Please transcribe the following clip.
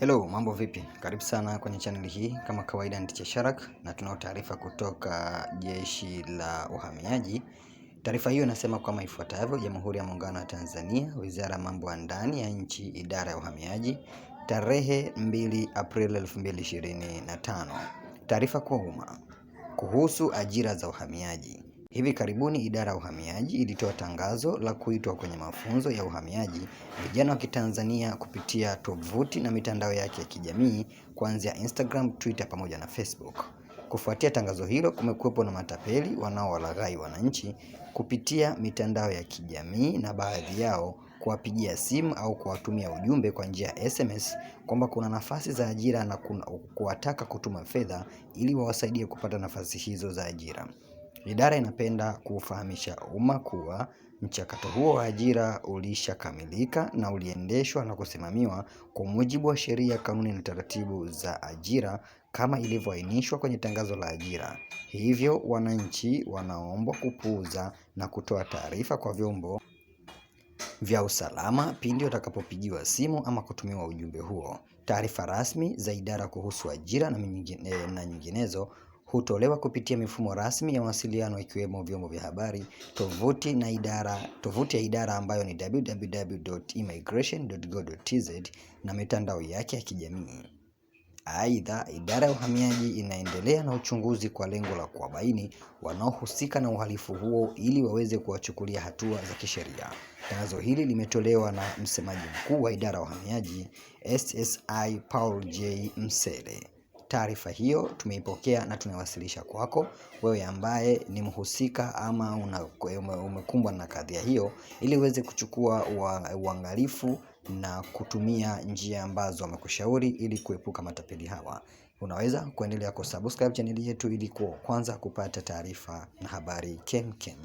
Hello, mambo vipi? Karibu sana kwenye chaneli hii. Kama kawaida ni Teacher Sharak na tunao taarifa kutoka Jeshi la Uhamiaji. Taarifa hiyo inasema kama ifuatavyo: Jamhuri ya Muungano wa Tanzania, Wizara ya Mambo ya Ndani ya Nchi, Idara ya Uhamiaji, tarehe 2 Aprili 2025. Taarifa kwa umma kuhusu ajira za uhamiaji. Hivi karibuni idara ya uhamiaji ilitoa tangazo la kuitwa kwenye mafunzo ya uhamiaji vijana wa Kitanzania kupitia tovuti na mitandao yake ya kijamii kuanzia Instagram, Twitter pamoja na Facebook. Kufuatia tangazo hilo, kumekuwepo na matapeli wanaowalaghai wananchi kupitia mitandao ya kijamii na baadhi yao kuwapigia simu au kuwatumia ujumbe kwa njia ya SMS kwamba kuna nafasi za ajira na kuwataka kutuma fedha ili wawasaidie kupata nafasi hizo za ajira. Idara inapenda kuufahamisha umma kuwa mchakato huo wa ajira ulishakamilika na uliendeshwa na kusimamiwa kwa mujibu wa sheria, kanuni na taratibu za ajira kama ilivyoainishwa kwenye tangazo la ajira. Hivyo, wananchi wanaombwa kupuuza na kutoa taarifa kwa vyombo vya usalama pindi watakapopigiwa simu ama kutumiwa ujumbe huo. Taarifa rasmi za idara kuhusu ajira na eh, nyinginezo hutolewa kupitia mifumo rasmi ya mawasiliano ikiwemo vyombo vya habari, tovuti na idara, tovuti ya idara ambayo ni www.immigration.go.tz na mitandao yake ya kijamii. Aidha, idara ya uhamiaji inaendelea na uchunguzi kwa lengo la kuwabaini wanaohusika na uhalifu huo ili waweze kuwachukulia hatua za kisheria. Tangazo hili limetolewa na msemaji mkuu wa idara ya uhamiaji SSI Paul J Msele. Taarifa hiyo tumeipokea na tunawasilisha kwako wewe ambaye ni mhusika ama umekumbwa na kadhia hiyo ili uweze kuchukua uangalifu na kutumia njia ambazo wamekushauri ili kuepuka matapeli hawa. Unaweza kuendelea kusubscribe channel yetu ili kuwa kwanza kupata taarifa na habari kemkem.